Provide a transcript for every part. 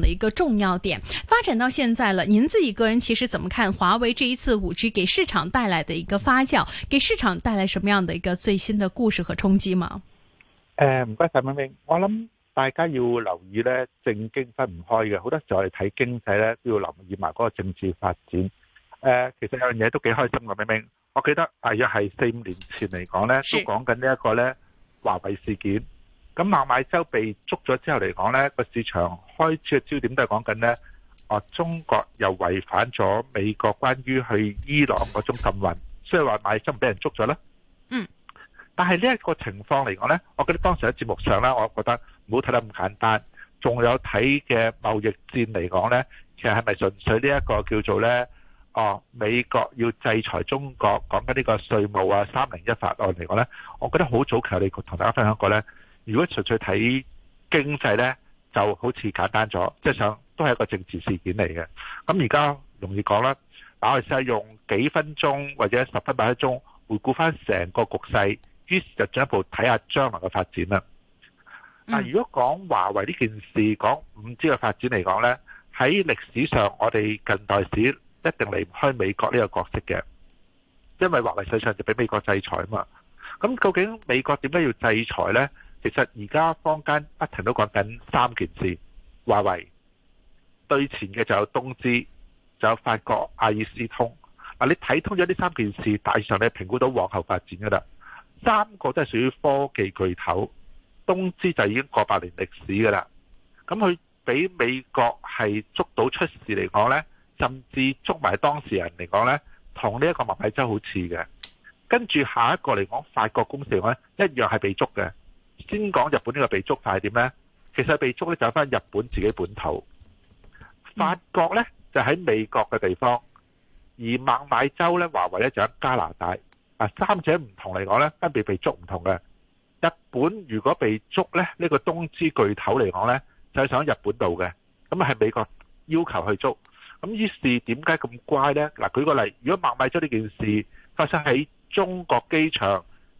的一個重要點，發展到現在了。您自己個人其實怎麼看華為這一次五 G 給市場帶來的一個發酵，給市場帶來什麼樣的一個最新的故事和衝擊嗎？誒，唔該晒，明明。我諗大家要留意咧，政經分唔開嘅，好多時候睇經濟咧都要留意埋嗰個政治發展。誒，其實有樣嘢都幾開心嘅，明明。我記得大約係四五年前嚟講咧，都講緊呢一個咧華為事件。咁孟晚舟被捉咗之後嚟講，呢個市場開始嘅焦點都係講緊呢。哦，中國又違反咗美國關於去伊朗嗰種禁運，所以話孟晚舟唔俾人捉咗啦。嗯。但係呢一個情況嚟講呢，我覺得當時喺節目上呢，我覺得唔好睇得咁簡單，仲有睇嘅貿易戰嚟講呢，其實係咪純粹呢一個叫做呢，哦，美國要制裁中國講緊呢個稅務啊，三零一法案嚟講呢，我覺得好早期我同大家分享過呢。如果純粹睇經濟呢，就好似簡單咗，即係想都係一個政治事件嚟嘅。咁而家容易講啦，打開曬用幾分鐘或者十分八分鐘，回顧翻成個局勢，於是就進一步睇下將來嘅發展啦，嗯。如果講華為呢件事，講五 G 嘅發展嚟講呢，喺歷史上我哋近代史一定離唔開美國呢個角色嘅，因為華為世上就俾美國制裁嘛。咁究竟美國點解要制裁呢？其實而家坊間不停都講緊三件事，華為對前嘅就有東芝，就有法國阿爾斯通。你睇通咗呢三件事，大致上你評估到往後發展噶啦。三個都係屬於科技巨頭，東芝就已經過百年歷史噶啦。咁佢俾美國係捉到出事嚟講呢，甚至捉埋當事人嚟講呢，同呢一個孟晚舟好似嘅。跟住下一個嚟講法國公司嚟講呢一樣係被捉嘅。先講日本呢個被捉係點呢？其實被捉咧就返翻日本自己本土，法國呢，就喺美國嘅地方，而孟買州呢，華為呢，就喺加拿大。啊，三者唔同嚟講呢，分別被捉唔同嘅。日本如果被捉呢，呢個東芝巨頭嚟講呢，就係上日本度嘅。咁係美國要求去捉。咁於是點解咁乖呢？嗱，舉個例，如果孟買州呢件事發生喺中國機場。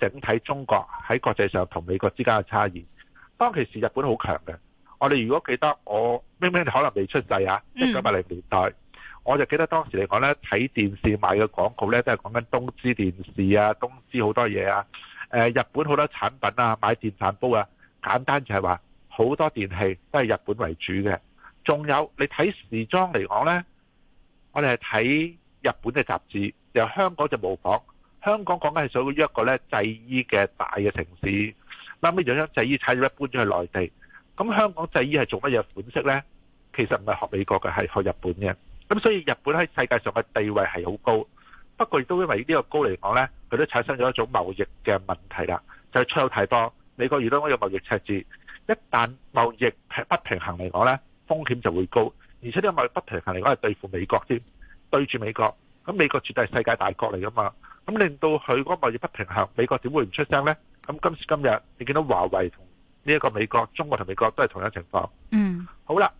整體中國喺國際上同美國之間嘅差異，當其時日本好強嘅。我哋如果記得我明明你可能未出世啊，一九八零年代，我就記得當時嚟講呢，睇電視買嘅廣告呢，都係講緊東芝電視啊，東芝好多嘢啊，誒，日本好多產品啊，買電飯煲啊，簡單就係話好多電器都係日本為主嘅。仲有你睇時裝嚟講呢，我哋係睇日本嘅雜誌，由香港就模仿。香港講緊係屬於一個咧製衣嘅大嘅城市，後尾就將製衣產業搬咗去內地。咁香港製衣係做乜嘢款式咧？其實唔係學美國嘅，係學日本嘅。咁所以日本喺世界上嘅地位係好高，不過亦都因為呢個高嚟講咧，佢都產生咗一種貿易嘅問題啦。就出口太多，美國遇到一個貿易赤字，一旦貿易係不平衡嚟講咧，風險就會高，而且呢個貿易不平衡嚟講係對付美國添，對住美國。咁美國絕對係世界大國嚟噶嘛，咁令到佢嗰個貿易不平衡，美國點會唔出聲呢？咁今時今日，你見到華為同呢一個美國、中國同美國都係同樣情況。嗯，好啦，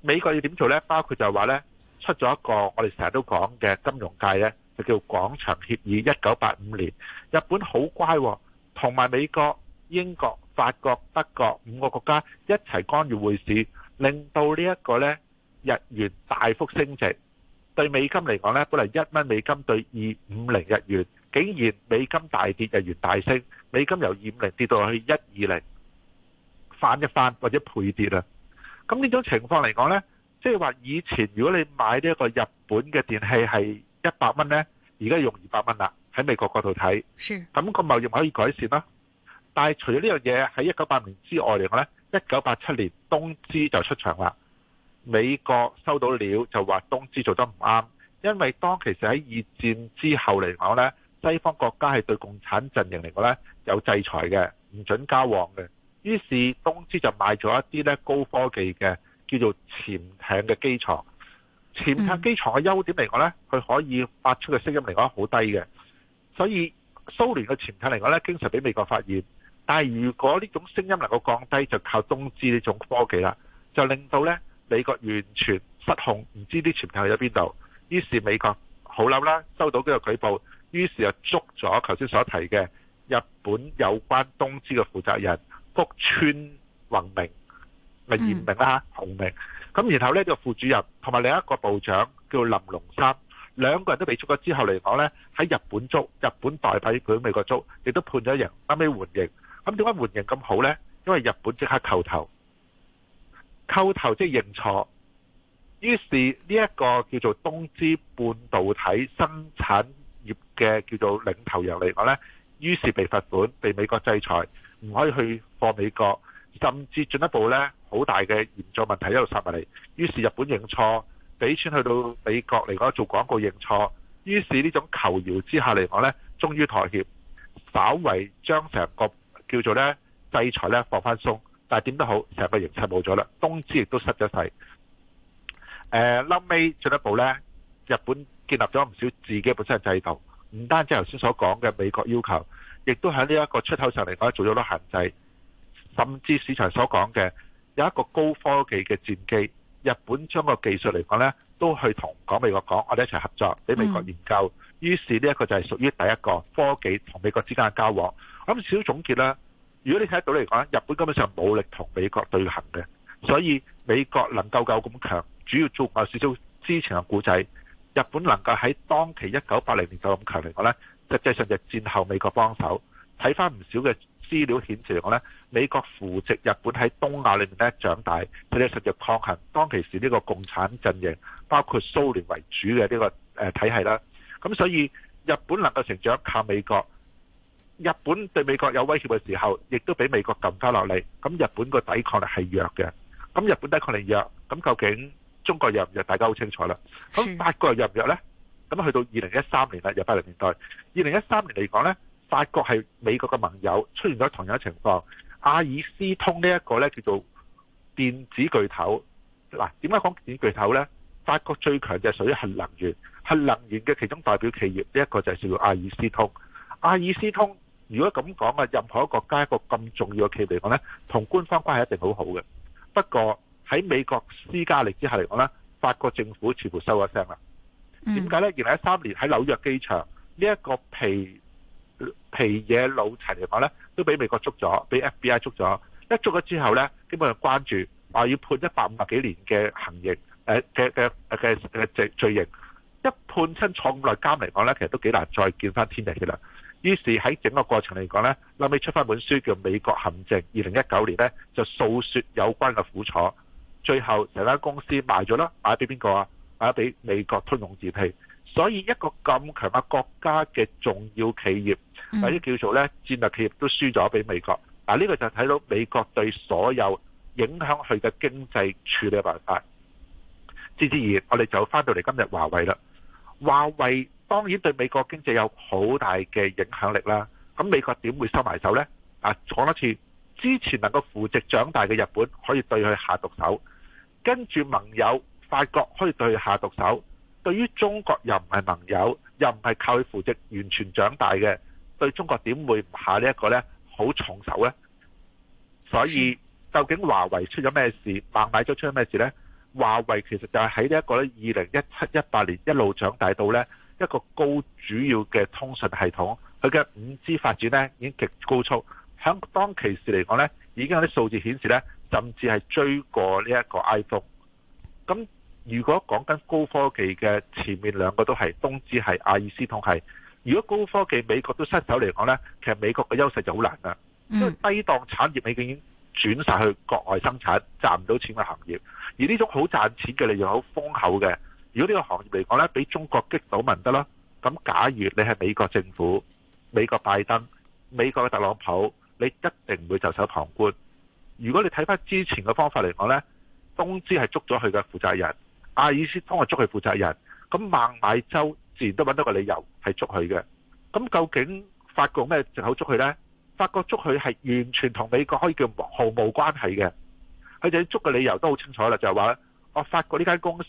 美國要點做呢？包括就係話呢，出咗一個我哋成日都講嘅金融界呢，就叫廣場協議。一九八五年，日本好乖，同埋美國、英國、法國、德國五個國家一齊干預匯市，令到呢一個呢日元大幅升值。對美金嚟講呢，本嚟一蚊美金對二五零日元，竟然美金大跌，日元大升，美金由二五零跌到去一二零，返一二零，反一番或者倍跌啦。咁呢種情況嚟講呢，即係話以前如果你買呢一個日本嘅電器係一百蚊呢，而家用二百蚊啦。喺美國角度睇，咁、個貿易可以改善啦。但係除咗呢樣嘢喺一九八五年之外嚟講呢，一九八七年東芝就出場啦。美國收到料就話東芝做得唔啱，因為當其實喺二戰之後嚟講呢西方國家係對共產陣營嚟講呢有制裁嘅，唔准交往嘅。於是東芝就買咗一啲呢高科技嘅叫做潛艇嘅機床。潛艇機床嘅優點嚟講呢佢可以發出嘅聲音嚟講好低嘅，所以蘇聯嘅潛艇嚟講呢經常俾美國發現。但係如果呢種聲音能夠降低，就靠東芝呢種科技啦，就令到呢。美國完全失控，唔知啲錢投去咗邊度。於是美國好嬲啦，收到嗰個舉報，於是又捉咗頭先所提嘅日本有關東芝嘅負責人福川宏明，咪、嗯、嚴明啦、啊，宏明。咁然後呢，這個副主任同埋另一個部長叫林龍三，兩個人都被捉咗之後嚟講呢，喺日本捉，日本代替佢美國捉，亦都判咗刑。啱尾緩刑，咁點解緩刑咁好呢？因為日本即刻叩頭。叩頭即係認錯，於是呢一個叫做東芝半導體生產業嘅叫做領頭羊嚟講呢，於是被罰款，被美國制裁，唔可以去貨美國，甚至進一步呢，好大嘅嚴重問題一路殺埋嚟。於是日本認錯，俾錢去到美國嚟講做廣告認錯，於是呢種求饒之下嚟講呢，終於妥協，稍微將成個叫做呢制裁呢放翻鬆。但係點都好，成個形勢冇咗啦。東芝亦都失咗勢誒，後尾進一步呢，日本建立咗唔少自己本身嘅制度，唔單止頭先所講嘅美國要求，亦都喺呢一個出口上嚟講做咗多限制，甚至市場所講嘅有一個高科技嘅戰機，日本將個技術嚟講呢，都去同港美國講，我哋一齊合作，俾美國研究。於、嗯、是呢一個就係屬於第一個科技同美國之間嘅交往。咁小總結呢如果你睇得到嚟講，日本根本上冇力同美國對衡嘅，所以美國能夠夠咁強，主要做少少之前嘅古仔。日本能夠喺當期一九八零年就咁強嚟講咧，實際上就戰後美國幫手。睇翻唔少嘅資料顯示嚟講咧，美國扶植日本喺東亞裏面咧長大，佢哋實在抗衡當其時呢個共產陣營，包括蘇聯為主嘅呢個誒體系啦。咁所以日本能夠成長靠美國。日本對美國有威脅嘅時候，亦都俾美國撳翻落嚟。咁日本個抵抗力係弱嘅。咁日本抵抗力弱，咁究竟中國弱唔弱？大家好清楚啦。咁法國弱唔弱咧？咁去到二零一三年啦，又八零年代。二零一三年嚟講咧，法國係美國嘅盟友，出現咗同樣嘅情況。阿爾斯通呢一個咧叫做電子巨頭。嗱，點解講電子巨頭咧？法國最強就係屬於核能源，核能源嘅其中代表企業，呢一個就係叫做阿爾斯通。阿爾斯通如果咁講，任何一個國家一個咁重要嘅企業嚟講呢，同官方關係一定好好嘅。不過喺美國施加力之下嚟講呢，法國政府全部收咗聲啦。點解呢？原來喺一三年，喺紐約機場呢一、這個皮皮野老齊嚟講呢，都俾美國捉咗，俾 FBI 捉咗。一捉咗之後呢，基本上關注話要判一百五十幾年嘅行刑呃嘅嘅嘅罪刑。一判親坐內監嚟講呢，其實都幾難再見翻天日嘅啦。於是喺整個過程嚟講呢，後尾出翻本書叫《美國陷阱》，二零一九年呢，就訴說有關嘅苦楚。最後成間公司賣咗啦，賣俾邊個啊？賣俾美國通用電器。所以一個咁強大國家嘅重要企業，或者叫做呢戰略企業，都輸咗俾美國。嗱，呢個就睇到美國對所有影響佢嘅經濟處理辦法。自自然，我哋就翻到嚟今日華為啦，華為。當然對美國經濟有好大嘅影響力啦。咁美國點會收埋手呢？啊，講一次，之前能夠扶植長大嘅日本可以對佢下毒手，跟住盟友法國可以對佢下毒手。對於中國又唔係盟友，又唔係靠佢扶植完全長大嘅，對中國點會唔下呢一個呢？好重手呢！所以究竟華為出咗咩事，孟買咗出咗咩事呢？華為其實就係喺呢一個呢二零一七一八年一路長大到呢。一個高主要嘅通訊系統，佢嘅五 G 發展呢已經極高速，響當其時嚟講呢已經有啲數字顯示呢甚至係追過呢一個 iPhone。咁如果講緊高科技嘅，前面兩個都係，東芝係、阿爾斯通係。如果高科技美國都失手嚟講呢其實美國嘅優勢就好難啦，因為低檔產業美國已經轉晒去國外生產，賺唔到錢嘅行業，而呢種好賺錢嘅，利潤好豐厚嘅。如果呢個行業嚟講呢，俾中國激倒問得啦。咁假如你係美國政府、美國拜登、美國嘅特朗普，你一定唔會袖手旁觀。如果你睇翻之前嘅方法嚟講呢，東芝係捉咗佢嘅負責人，阿爾斯通係捉佢負責人，咁孟晚舟自然都揾到個理由係捉佢嘅。咁究竟法國咩藉口捉佢呢？法國捉佢係完全同美國可以叫毫無關係嘅。佢哋捉嘅理由都好清楚啦，就係話我法國呢間公司。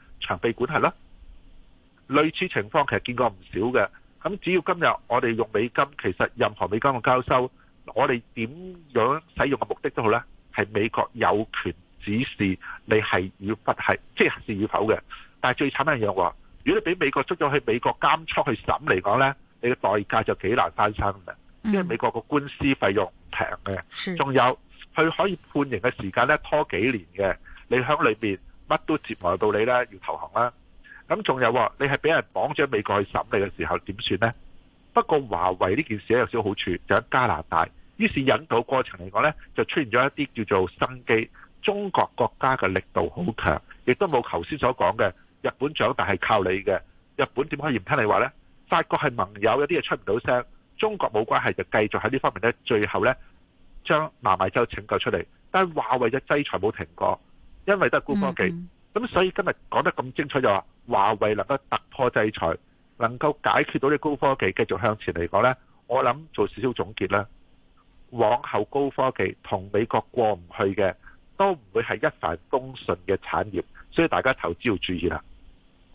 長臂管轄啦，類似情況其實見過唔少嘅。咁只要今日我哋用美金，其實任何美金嘅交收，我哋點樣使用嘅目的都好呢？係美國有權指示你係要不係，即係是與否嘅。但係最慘一樣喎，如果你俾美國捉咗去美國監倉去審嚟講呢，你嘅代價就幾難翻身嘅，因為美國個官司費用唔平嘅，仲、嗯、有佢可以判刑嘅時間呢，拖幾年嘅，你喺裏面。乜都折磨到你啦，要投降啦。咁仲有話，你係俾人綁咗美國去審你嘅時候點算呢？不過華為呢件事有少少好處，就喺加拿大。於是引渡過程嚟講呢，就出現咗一啲叫做生機，中國國家嘅力度好強，亦都冇頭先所講嘅日本長大係靠你嘅。日本點可以唔聽你話呢？法國係盟友，有啲嘢出唔到聲，中國冇關係，就繼續喺呢方面呢。最後呢，將孟晚舟拯救出嚟。但係華為嘅制裁冇停過。因為都係高科技，mm-hmm. 咁所以今日講得咁精彩就話華為能夠突破制裁，能夠解決到啲高科技繼續向前嚟講呢，我諗做少少總結啦。往後高科技同美國過唔去嘅，都唔會係一帆風順嘅產業，所以大家投資要注意啦。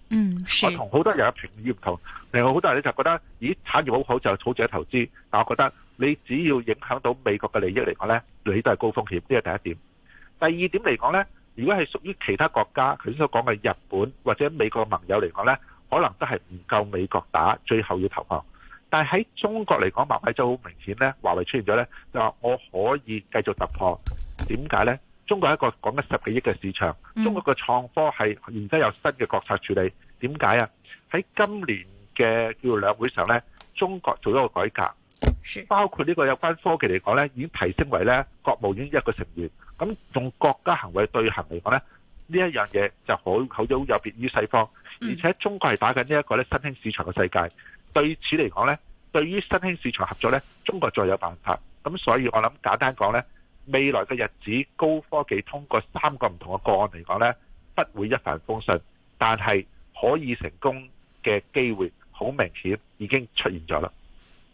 嗯，我同好多人嘅評語唔同，另外好多人就覺得，咦，產業好好就好值得投資，但我覺得你只要影響到美國嘅利益嚟講呢，你都係高風險，呢個第一點。第二點嚟講呢。如果係屬於其他國家，頭先所講嘅日本或者美國嘅盟友嚟講呢，可能都係唔夠美國打，最後要投降。但係喺中國嚟講，麻麻就好明顯呢，華為出現咗呢，就話我可以繼續突破。點解呢？中國係一個講緊十幾億嘅市場，中國嘅創科係而家有新嘅國策處理。點解啊？喺今年嘅叫做兩會上呢，中國做咗個改革，包括呢個有關科技嚟講呢，已經提升為呢國務院一個成員。咁用國家行為對行嚟講呢，呢一樣嘢就好好有別於西方，嗯、而且中國係打緊呢一個咧新興市場嘅世界。對此嚟講呢，對於新興市場合作呢，中國再有辦法。咁所以我諗簡單講呢，未來嘅日子高科技通過三個唔同嘅個案嚟講呢，不會一帆風順，但係可以成功嘅機會好明顯已經出現咗啦。